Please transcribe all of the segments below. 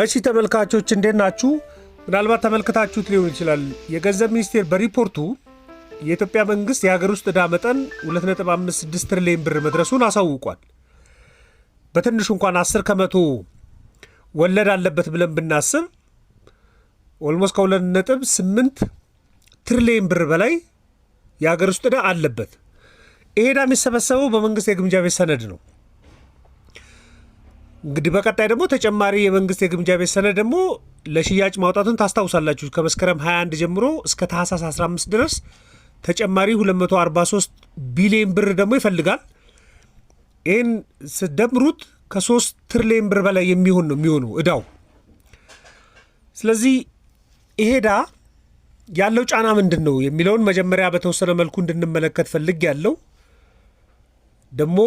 እሺ ተመልካቾች እንዴት ናችሁ? ምናልባት ተመልክታችሁት ሊሆን ይችላል። የገንዘብ ሚኒስቴር በሪፖርቱ የኢትዮጵያ መንግስት የሀገር ውስጥ ዕዳ መጠን 2.56 ትሪሊዮን ብር መድረሱን አሳውቋል። በትንሹ እንኳን 10 ከመቶ ወለድ አለበት ብለን ብናስብ ኦልሞስት ከ2.8 ትሪሊዮን ብር በላይ የሀገር ውስጥ ዕዳ አለበት። ይሄ ዕዳ የሚሰበሰበው በመንግስት የግምጃ ቤት ሰነድ ነው። እንግዲህ በቀጣይ ደግሞ ተጨማሪ የመንግስት የግምጃ ቤት ሰነድ ደግሞ ለሽያጭ ማውጣቱን ታስታውሳላችሁ። ከመስከረም 21 ጀምሮ እስከ ታህሳስ 15 ድረስ ተጨማሪ 243 ቢሊዮን ብር ደግሞ ይፈልጋል። ይህን ስደምሩት ከ3 ትሪሊዮን ብር በላይ የሚሆን ነው የሚሆነው እዳው። ስለዚህ ይሄ እዳ ያለው ጫና ምንድን ነው የሚለውን መጀመሪያ በተወሰነ መልኩ እንድንመለከት ፈልግ ያለው ደግሞ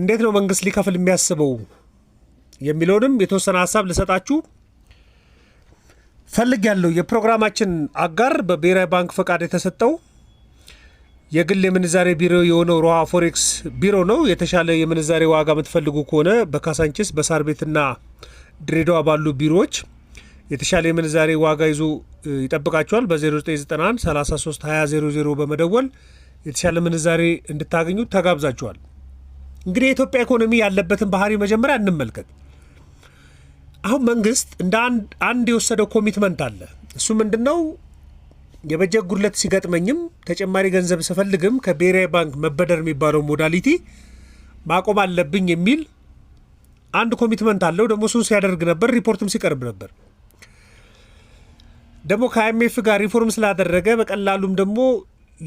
እንዴት ነው መንግስት ሊከፍል የሚያስበው የሚለውንም የተወሰነ ሀሳብ ልሰጣችሁ ፈልግ ያለው የፕሮግራማችን አጋር በብሔራዊ ባንክ ፈቃድ የተሰጠው የግል የምንዛሬ ቢሮ የሆነው ሮሃ ፎሬክስ ቢሮ ነው። የተሻለ የምንዛሬ ዋጋ የምትፈልጉ ከሆነ በካሳንችስ በሳር ቤትና ድሬዳዋ ባሉ ቢሮዎች የተሻለ የምንዛሬ ዋጋ ይዞ ይጠብቃቸዋል። በ0991 33 200 በመደወል የተሻለ ምንዛሬ እንድታገኙ ተጋብዛችኋል። እንግዲህ የኢትዮጵያ ኢኮኖሚ ያለበትን ባህሪ መጀመሪያ እንመልከት። አሁን መንግስት እንደ አንድ የወሰደው ኮሚትመንት አለ። እሱ ምንድን ነው? የበጀት ጉድለት ሲገጥመኝም ተጨማሪ ገንዘብ ስፈልግም ከብሔራዊ ባንክ መበደር የሚባለው ሞዳሊቲ ማቆም አለብኝ የሚል አንድ ኮሚትመንት አለው። ደግሞ እሱን ሲያደርግ ነበር፣ ሪፖርትም ሲቀርብ ነበር። ደግሞ ከአይኤምኤፍ ጋር ሪፎርም ስላደረገ በቀላሉም ደግሞ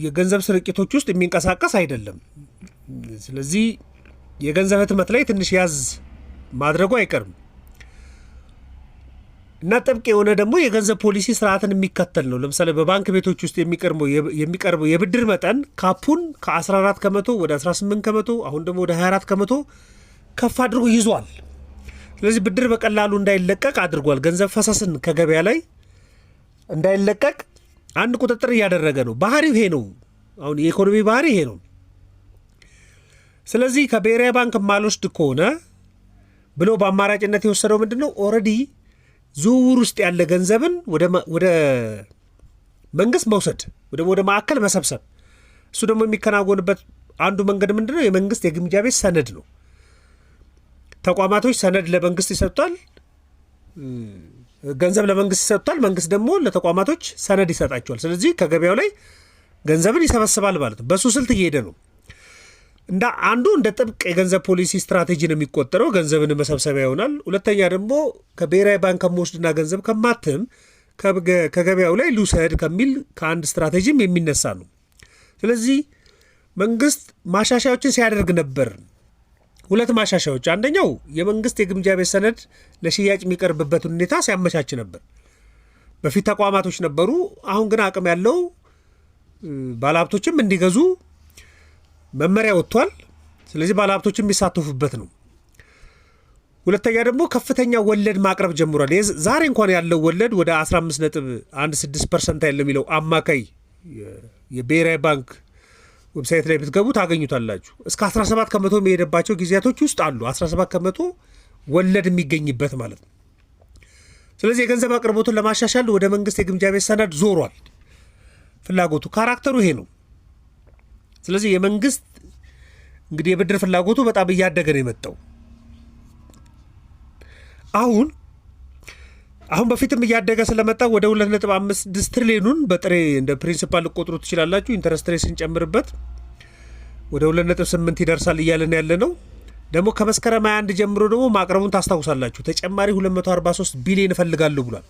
የገንዘብ ስርቂቶች ውስጥ የሚንቀሳቀስ አይደለም። ስለዚህ የገንዘብ ህትመት ላይ ትንሽ ያዝ ማድረጉ አይቀርም። እና ጥብቅ የሆነ ደግሞ የገንዘብ ፖሊሲ ስርዓትን የሚከተል ነው። ለምሳሌ በባንክ ቤቶች ውስጥ የሚቀርበው የብድር መጠን ካፑን ከ14 ከመቶ ወደ 18 ከመቶ አሁን ደግሞ ወደ 24 ከመቶ ከፍ አድርጎ ይዟል። ስለዚህ ብድር በቀላሉ እንዳይለቀቅ አድርጓል። ገንዘብ ፈሰስን ከገበያ ላይ እንዳይለቀቅ አንድ ቁጥጥር እያደረገ ነው። ባህሪው ይሄ ነው። አሁን የኢኮኖሚ ባህሪ ይሄ ነው። ስለዚህ ከብሔራዊ ባንክ ማልወስድ ከሆነ ብሎ በአማራጭነት የወሰደው ምንድን ነው ኦልሬዲ ዝውውር ውስጥ ያለ ገንዘብን ወደ መንግስት መውሰድ ወደ ማዕከል መሰብሰብ። እሱ ደግሞ የሚከናወንበት አንዱ መንገድ ምንድነው ነው? የመንግስት የግምጃ ቤት ሰነድ ነው። ተቋማቶች ሰነድ ለመንግስት ይሰጡታል፣ ገንዘብ ለመንግስት ይሰጡታል። መንግስት ደግሞ ለተቋማቶች ሰነድ ይሰጣቸዋል። ስለዚህ ከገበያው ላይ ገንዘብን ይሰበስባል ማለት ነው። በሱ ስልት እየሄደ ነው። እንደ አንዱ እንደ ጥብቅ የገንዘብ ፖሊሲ ስትራቴጂ ነው የሚቆጠረው፣ ገንዘብን መሰብሰቢያ ይሆናል። ሁለተኛ ደግሞ ከብሔራዊ ባንክ ከመወስድና ገንዘብ ከማትም ከገበያው ላይ ልውሰድ ከሚል ከአንድ ስትራቴጂም የሚነሳ ነው። ስለዚህ መንግስት ማሻሻያዎችን ሲያደርግ ነበር። ሁለት ማሻሻያዎች፣ አንደኛው የመንግስት የግምጃ ቤት ሰነድ ለሽያጭ የሚቀርብበትን ሁኔታ ሲያመቻች ነበር። በፊት ተቋማቶች ነበሩ። አሁን ግን አቅም ያለው ባለሀብቶችም እንዲገዙ መመሪያ ወጥቷል። ስለዚህ ባለሀብቶች የሚሳተፉበት ነው። ሁለተኛ ደግሞ ከፍተኛ ወለድ ማቅረብ ጀምሯል። ዛሬ እንኳን ያለው ወለድ ወደ 15.16 ፐርሰንት ያለው የሚለው አማካይ የብሔራዊ ባንክ ዌብሳይት ላይ ብትገቡ ታገኙታላችሁ። እስከ 17 ከመቶ የሚሄደባቸው ጊዜያቶች ውስጥ አሉ። 17 ከመቶ ወለድ የሚገኝበት ማለት ነው። ስለዚህ የገንዘብ አቅርቦቱን ለማሻሻል ወደ መንግስት የግምጃ ቤት ሰነድ ዞሯል። ፍላጎቱ ካራክተሩ ይሄ ነው። ስለዚህ የመንግስት እንግዲህ የብድር ፍላጎቱ በጣም እያደገ ነው የመጣው። አሁን አሁን በፊትም እያደገ ስለመጣ ወደ 2.5 ትሪሊዮኑን በጥሬ እንደ ፕሪንሲፓል ልቆጥሩ ትችላላችሁ። ኢንተረስት ሬት ስንጨምርበት ወደ 2.8 ይደርሳል እያለን ያለ ነው። ደግሞ ከመስከረም 21 ጀምሮ ደግሞ ማቅረቡን ታስታውሳላችሁ። ተጨማሪ 243 ቢሊዮን እፈልጋለሁ ብሏል።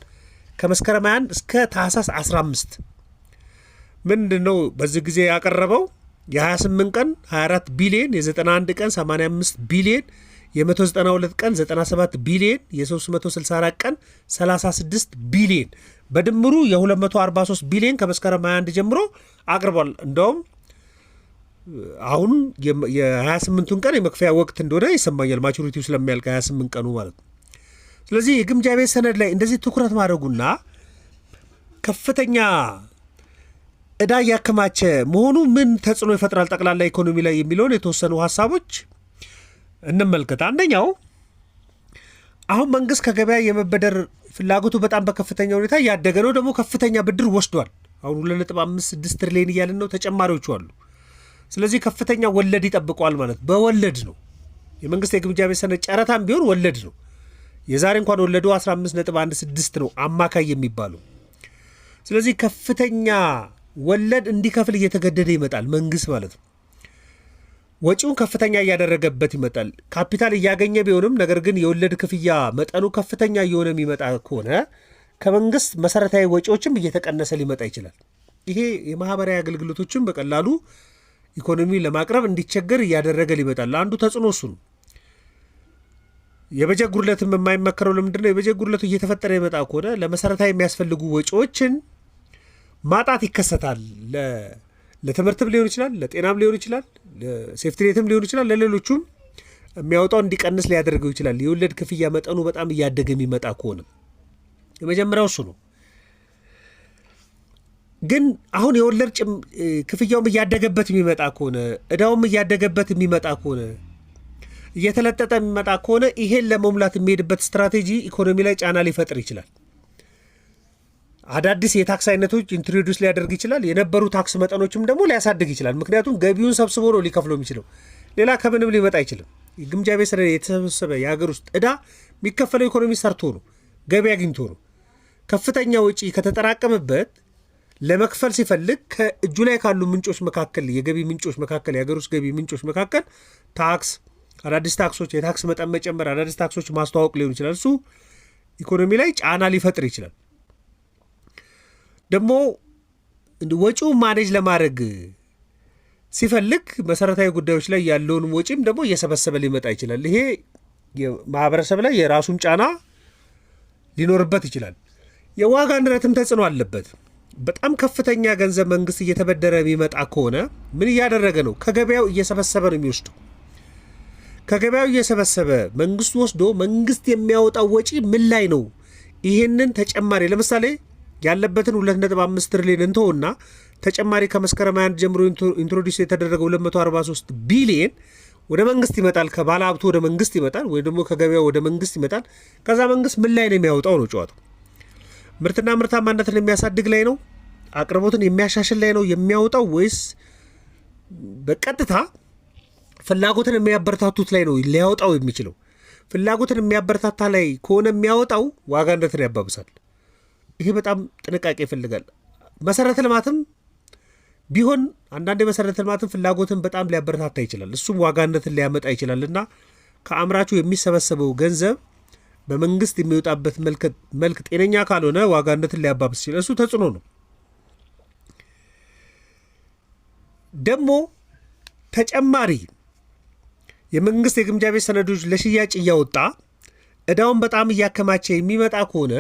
ከመስከረም 21 እስከ ታሳስ 15 ምንድን ነው በዚህ ጊዜ ያቀረበው? የ28 ቀን 24 ቢሊየን የ91 ቀን 85 ቢሊየን የ192 ቀን 97 ቢሊየን የ364 ቀን 36 ቢሊየን በድምሩ የ243 ቢሊየን ከመስከረም 21 ጀምሮ አቅርቧል። እንደውም አሁን የ28ቱን ቀን የመክፈያ ወቅት እንደሆነ ይሰማኛል፣ ማቹሪቲው ስለሚያልቅ 28 ቀኑ ማለት ነው። ስለዚህ የግምጃ ቤት ሰነድ ላይ እንደዚህ ትኩረት ማድረጉና ከፍተኛ እዳ እያከማቸ መሆኑ ምን ተጽዕኖ ይፈጥራል ጠቅላላ ኢኮኖሚ ላይ የሚለውን የተወሰኑ ሀሳቦች እንመልከት። አንደኛው አሁን መንግስት ከገበያ የመበደር ፍላጎቱ በጣም በከፍተኛ ሁኔታ እያደገ ነው። ደግሞ ከፍተኛ ብድር ወስዷል። አሁን ሁለት ነጥብ አምስት ስድስት ትሪሊየን እያልን ነው። ተጨማሪዎቹ አሉ። ስለዚህ ከፍተኛ ወለድ ይጠብቀዋል ማለት በወለድ ነው። የመንግስት የግምጃ ቤት ሰነድ ጨረታም ቢሆን ወለድ ነው። የዛሬ እንኳን ወለዱ 15 ነጥብ 16 ነው አማካይ የሚባለው። ስለዚህ ከፍተኛ ወለድ እንዲከፍል እየተገደደ ይመጣል። መንግስት ማለት ነው። ወጪውን ከፍተኛ እያደረገበት ይመጣል። ካፒታል እያገኘ ቢሆንም ነገር ግን የወለድ ክፍያ መጠኑ ከፍተኛ እየሆነ የሚመጣ ከሆነ ከመንግስት መሰረታዊ ወጪዎችም እየተቀነሰ ሊመጣ ይችላል። ይሄ የማህበራዊ አገልግሎቶችን በቀላሉ ኢኮኖሚ ለማቅረብ እንዲቸገር እያደረገ ሊመጣል። አንዱ ተጽዕኖ እሱ ነው። የበጀት ጉድለትም የማይመከረው ለምንድን የበጀት ጉድለቱ እየተፈጠረ ይመጣ ከሆነ ለመሰረታዊ የሚያስፈልጉ ወጪዎችን ማጣት ይከሰታል። ለትምህርትም ሊሆን ይችላል፣ ለጤናም ሊሆን ይችላል፣ ሴፍትኔትም ሊሆን ይችላል፣ ለሌሎቹም የሚያወጣው እንዲቀንስ ሊያደርገው ይችላል። የወለድ ክፍያ መጠኑ በጣም እያደገ የሚመጣ ከሆነ የመጀመሪያው እሱ ነው። ግን አሁን የወለድ ክፍያውም እያደገበት የሚመጣ ከሆነ እዳውም እያደገበት የሚመጣ ከሆነ እየተለጠጠ የሚመጣ ከሆነ ይሄን ለመሙላት የሚሄድበት ስትራቴጂ ኢኮኖሚ ላይ ጫና ሊፈጥር ይችላል። አዳዲስ የታክስ አይነቶች ኢንትሮዲስ ሊያደርግ ይችላል። የነበሩ ታክስ መጠኖችም ደግሞ ሊያሳድግ ይችላል። ምክንያቱም ገቢውን ሰብስቦ ነው ሊከፍለው የሚችለው፣ ሌላ ከምንም ሊመጣ አይችልም። ግምጃ ቤት ስለ የተሰበሰበ የሀገር ውስጥ እዳ የሚከፈለው ኢኮኖሚ ሰርቶ ነው፣ ገቢ አግኝቶ ነው። ከፍተኛ ወጪ ከተጠራቀመበት ለመክፈል ሲፈልግ ከእጁ ላይ ካሉ ምንጮች መካከል የገቢ ምንጮች መካከል የሀገር ውስጥ ገቢ ምንጮች መካከል ታክስ፣ አዳዲስ ታክሶች፣ የታክስ መጠን መጨመር፣ አዳዲስ ታክሶች ማስተዋወቅ ሊሆን ይችላል። እሱ ኢኮኖሚ ላይ ጫና ሊፈጥር ይችላል። ደግሞ ወጪውን ማኔጅ ለማድረግ ሲፈልግ መሰረታዊ ጉዳዮች ላይ ያለውን ወጪም ደግሞ እየሰበሰበ ሊመጣ ይችላል። ይሄ ማህበረሰብ ላይ የራሱም ጫና ሊኖርበት ይችላል። የዋጋ ንረትም ተጽዕኖ አለበት። በጣም ከፍተኛ ገንዘብ መንግስት እየተበደረ የሚመጣ ከሆነ ምን እያደረገ ነው? ከገበያው እየሰበሰበ ነው የሚወስደው። ከገበያው እየሰበሰበ መንግስት ወስዶ መንግስት የሚያወጣው ወጪ ምን ላይ ነው? ይህንን ተጨማሪ ለምሳሌ ያለበትን 2.5 ትሪሊዮን እንተውና ተጨማሪ ከመስከረም 21 ጀምሮ ኢንትሮዲስ የተደረገው 243 ቢሊየን ወደ መንግስት ይመጣል። ከባለ ሀብቱ ወደ መንግስት ይመጣል፣ ወይ ደግሞ ከገበያው ወደ መንግስት ይመጣል። ከዛ መንግስት ምን ላይ ነው የሚያወጣው ነው ጨዋታው። ምርትና ምርታማነትን የሚያሳድግ ላይ ነው፣ አቅርቦትን የሚያሻሽል ላይ ነው የሚያወጣው፣ ወይስ በቀጥታ ፍላጎትን የሚያበረታቱት ላይ ነው ሊያወጣው የሚችለው? ፍላጎትን የሚያበረታታ ላይ ከሆነ የሚያወጣው ዋጋ ንረትን ያባብሳል። ይሄ በጣም ጥንቃቄ ይፈልጋል። መሰረተ ልማትም ቢሆን አንዳንድ የመሰረተ ልማትን ፍላጎትን በጣም ሊያበረታታ ይችላል። እሱም ዋጋነትን ሊያመጣ ይችላል እና ከአምራቹ የሚሰበሰበው ገንዘብ በመንግስት የሚወጣበት መልክ ጤነኛ ካልሆነ ዋጋነትን ሊያባብስ ይችላል። እሱ ተጽዕኖ ነው። ደግሞ ተጨማሪ የመንግስት የግምጃ ቤት ሰነዶች ለሽያጭ እያወጣ እዳውን በጣም እያከማቸ የሚመጣ ከሆነ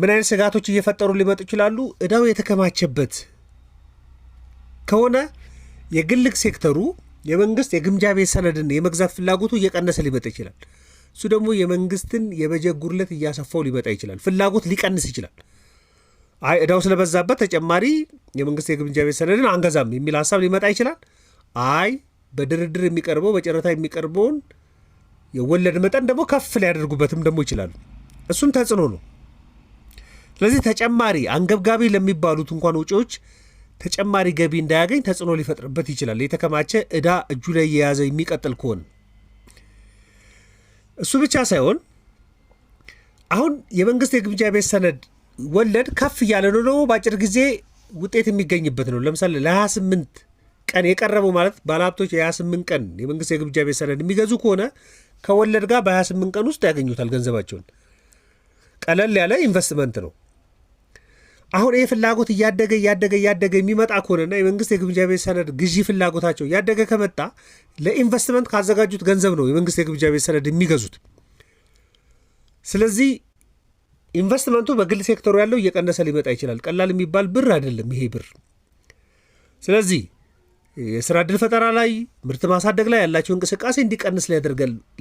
ምን አይነት ስጋቶች እየፈጠሩ ሊመጡ ይችላሉ? እዳው የተከማቸበት ከሆነ የግልግ ሴክተሩ የመንግስት የግምጃ ቤት ሰነድን የመግዛት ፍላጎቱ እየቀነሰ ሊመጣ ይችላል። እሱ ደግሞ የመንግስትን የበጀት ጉድለት እያሰፋው ሊመጣ ይችላል። ፍላጎት ሊቀንስ ይችላል። አይ እዳው ስለበዛበት ተጨማሪ የመንግስት የግምጃ ቤት ሰነድን አንገዛም የሚል ሀሳብ ሊመጣ ይችላል። አይ በድርድር የሚቀርበው በጨረታ የሚቀርበውን የወለድ መጠን ደግሞ ከፍ ሊያደርጉበትም ደግሞ ይችላሉ። እሱም ተጽዕኖ ነው። ስለዚህ ተጨማሪ አንገብጋቢ ለሚባሉት እንኳን ውጪዎች ተጨማሪ ገቢ እንዳያገኝ ተጽዕኖ ሊፈጥርበት ይችላል። የተከማቸ እዳ እጁ ላይ የያዘ የሚቀጥል ከሆነ እሱ ብቻ ሳይሆን አሁን የመንግስት የግምጃ ቤት ሰነድ ወለድ ከፍ እያለ ነው፣ ደግሞ በአጭር ጊዜ ውጤት የሚገኝበት ነው። ለምሳሌ ለ28 ቀን የቀረበው ማለት ባለሀብቶች የ28 ቀን የመንግስት የግምጃ ቤት ሰነድ የሚገዙ ከሆነ ከወለድ ጋር በ28 ቀን ውስጥ ያገኙታል ገንዘባቸውን። ቀለል ያለ ኢንቨስትመንት ነው። አሁን ይህ ፍላጎት እያደገ እያደገ እያደገ የሚመጣ ከሆነና የመንግስት የግምጃ ቤት ሰነድ ግዢ ፍላጎታቸው እያደገ ከመጣ ለኢንቨስትመንት ካዘጋጁት ገንዘብ ነው የመንግስት የግምጃ ቤት ሰነድ የሚገዙት። ስለዚህ ኢንቨስትመንቱ በግል ሴክተሩ ያለው እየቀነሰ ሊመጣ ይችላል። ቀላል የሚባል ብር አይደለም ይሄ ብር። ስለዚህ የስራ እድል ፈጠራ ላይ ምርት ማሳደግ ላይ ያላቸው እንቅስቃሴ እንዲቀንስ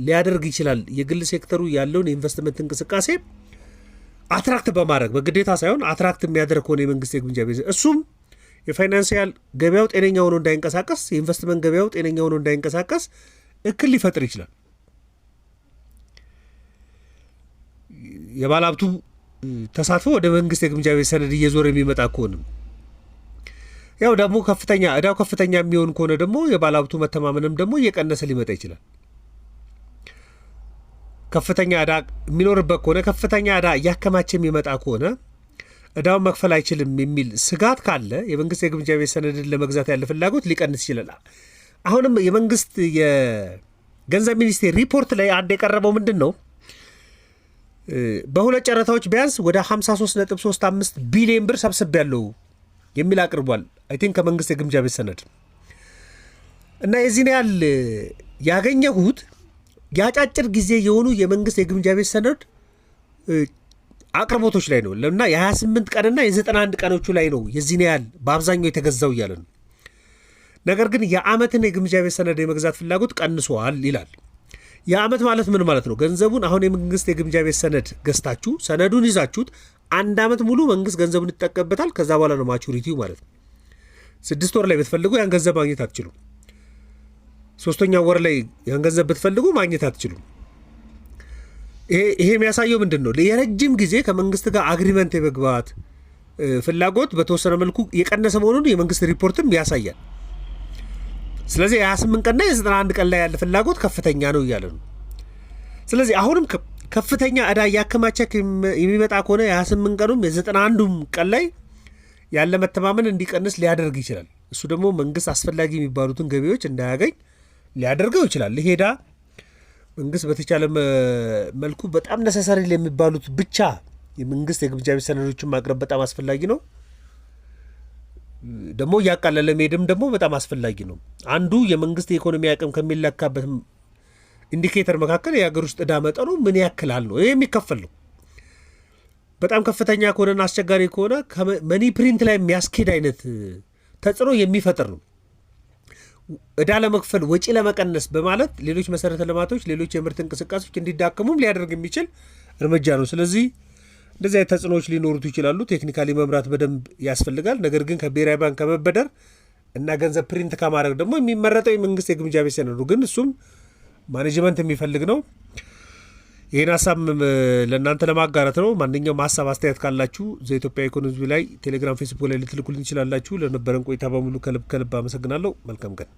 ሊያደርግ ይችላል። የግል ሴክተሩ ያለውን የኢንቨስትመንት እንቅስቃሴ አትራክት በማድረግ በግዴታ ሳይሆን አትራክት የሚያደርግ ከሆነ የመንግስት የግምጃ ቤት እሱም የፋይናንሲያል ገበያው ጤነኛ ሆኖ እንዳይንቀሳቀስ የኢንቨስትመንት ገበያው ጤነኛ ሆኖ እንዳይንቀሳቀስ እክል ሊፈጥር ይችላል። የባለሀብቱ ተሳትፎ ወደ መንግስት የግምጃ ቤት ሰነድ እየዞረ የሚመጣ ከሆንም ያው ደግሞ ከፍተኛ እዳው ከፍተኛ የሚሆን ከሆነ ደግሞ የባለሀብቱ መተማመንም ደግሞ እየቀነሰ ሊመጣ ይችላል። ከፍተኛ ዳ የሚኖርበት ከሆነ ከፍተኛ ዕዳ እያከማቸ የሚመጣ ከሆነ እዳውን መክፈል አይችልም የሚል ስጋት ካለ የመንግስት የግምጃ ቤት ሰነድን ለመግዛት ያለ ፍላጎት ሊቀንስ ይችላል። አሁንም የመንግስት የገንዘብ ሚኒስቴር ሪፖርት ላይ አንድ የቀረበው ምንድን ነው? በሁለት ጨረታዎች ቢያንስ ወደ 53.35 ቢሊዮን ብር ሰብስብ ያለው የሚል አቅርቧል። አይ ቲንክ ከመንግስት የግምጃ ቤት ሰነድ እና የዚህን ያህል ያገኘሁት የአጫጭር ጊዜ የሆኑ የመንግስት የግምጃ ቤት ሰነድ አቅርቦቶች ላይ ነው እና የ28 ቀንና የ91 ቀኖቹ ላይ ነው የዚህን ያህል በአብዛኛው የተገዛው እያለ ነው። ነገር ግን የአመትን የግምጃ ቤት ሰነድ የመግዛት ፍላጎት ቀንሷል ይላል። የአመት ማለት ምን ማለት ነው? ገንዘቡን አሁን የመንግስት የግምጃ ቤት ሰነድ ገዝታችሁ ሰነዱን ይዛችሁት አንድ አመት ሙሉ መንግስት ገንዘቡን ይጠቀምበታል። ከዛ በኋላ ነው ማቹሪቲው ማለት ነው። ስድስት ወር ላይ ብትፈልጉ ያን ገንዘብ ማግኘት አትችሉም። ሶስተኛው ወር ላይ ያን ገንዘብ ብትፈልጉ ማግኘት አትችሉም። ይሄ የሚያሳየው ምንድን ነው? የረጅም ጊዜ ከመንግስት ጋር አግሪመንት የመግባት ፍላጎት በተወሰነ መልኩ የቀነሰ መሆኑን የመንግስት ሪፖርትም ያሳያል። ስለዚህ የ28 ቀንና የ91 ቀን ላይ ያለ ፍላጎት ከፍተኛ ነው እያለ ነው። ስለዚህ አሁንም ከፍተኛ እዳ እያከማቸ የሚመጣ ከሆነ የ28 ቀኑም የ91ዱም ቀን ላይ ያለ መተማመን እንዲቀንስ ሊያደርግ ይችላል። እሱ ደግሞ መንግስት አስፈላጊ የሚባሉትን ገቢዎች እንዳያገኝ ሊያደርገው ይችላል። ሄዳ መንግስት በተቻለ መልኩ በጣም ነሰሰሪ የሚባሉት ብቻ የመንግስት የግብዣ ቤት ሰነዶችን ማቅረብ በጣም አስፈላጊ ነው። ደግሞ እያቃለለ መሄድም ደግሞ በጣም አስፈላጊ ነው። አንዱ የመንግስት የኢኮኖሚ አቅም ከሚለካበት ኢንዲኬተር መካከል የሀገር ውስጥ እዳ መጠኑ ምን ያክላል ነው። ይህ የሚከፈል ነው። በጣም ከፍተኛ ከሆነና አስቸጋሪ ከሆነ መኒ ፕሪንት ላይ የሚያስኬድ አይነት ተጽዕኖ የሚፈጥር ነው። እዳ ለመክፈል ወጪ ለመቀነስ በማለት ሌሎች መሰረተ ልማቶች፣ ሌሎች የምርት እንቅስቃሴዎች እንዲዳከሙም ሊያደርግ የሚችል እርምጃ ነው። ስለዚህ እንደዚህ አይነት ተጽዕኖዎች ሊኖሩት ይችላሉ። ቴክኒካሊ መምራት በደንብ ያስፈልጋል። ነገር ግን ከብሔራዊ ባንክ ከመበደር እና ገንዘብ ፕሪንት ከማድረግ ደግሞ የሚመረጠው የመንግስት የግምጃ ቤት ሰነድ ግን እሱም ማኔጅመንት የሚፈልግ ነው። ይህን ሀሳብ ለእናንተ ለማጋራት ነው። ማንኛውም ሀሳብ አስተያየት ካላችሁ ዘኢትዮጵያ ኢኮኖሚ ላይ ቴሌግራም፣ ፌስቡክ ላይ ልትልኩልን ትችላላችሁ። ለነበረን ቆይታ በሙሉ ከልብ ከልብ አመሰግናለሁ። መልካም ቀን